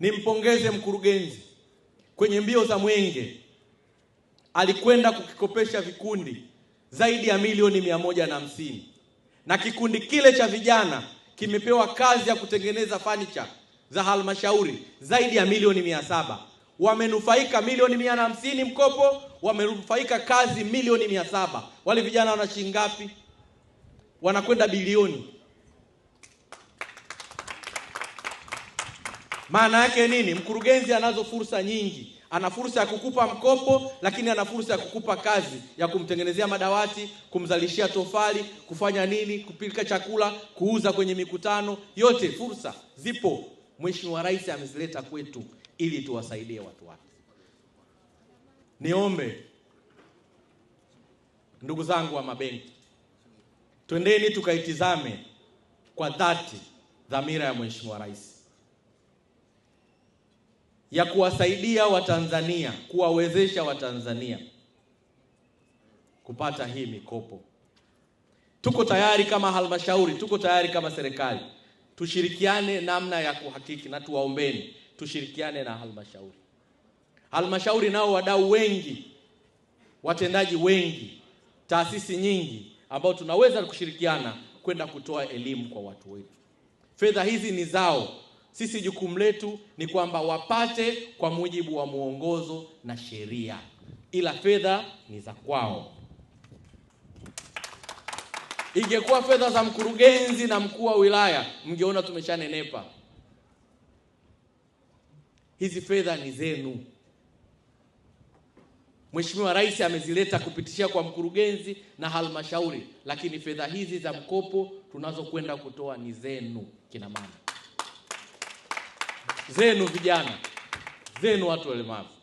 Nimpongeze mkurugenzi kwenye mbio za Mwenge, alikwenda kukikopesha vikundi zaidi ya milioni mia moja na hamsini na kikundi kile cha vijana kimepewa kazi ya kutengeneza fanicha za halmashauri zaidi ya milioni mia saba wamenufaika milioni mia na hamsini mkopo, wamenufaika kazi milioni mia saba Wale vijana wana shilingi ngapi? Wanakwenda bilioni Maana yake nini? Mkurugenzi anazo fursa nyingi, ana fursa ya kukupa mkopo, lakini ana fursa ya kukupa kazi ya kumtengenezea madawati, kumzalishia tofali, kufanya nini, kupika chakula, kuuza kwenye mikutano. Yote fursa zipo. Mheshimiwa Rais amezileta kwetu ili tuwasaidie watu wake. Niombe ndugu zangu wa mabenki, twendeni tukaitizame kwa dhati dhamira ya Mheshimiwa Rais ya kuwasaidia Watanzania, kuwawezesha Watanzania kupata hii mikopo. Tuko tayari kama halmashauri, tuko tayari kama serikali, tushirikiane namna ya kuhakiki, na tuwaombeni tushirikiane na halmashauri. Halmashauri nao wadau wengi, watendaji wengi, taasisi nyingi, ambao tunaweza kushirikiana kwenda kutoa elimu kwa watu wetu. Fedha hizi ni zao sisi jukumu letu ni kwamba wapate kwa mujibu wa mwongozo na sheria, ila fedha ni za kwao. Ingekuwa fedha za mkurugenzi na mkuu wa wilaya, mngeona tumeshanenepa. Hizi fedha ni zenu. Mheshimiwa Rais amezileta kupitishia kwa mkurugenzi na halmashauri, lakini fedha hizi za mkopo tunazokwenda kutoa ni zenu, kina mama zenu vijana, zenu watu walemavu.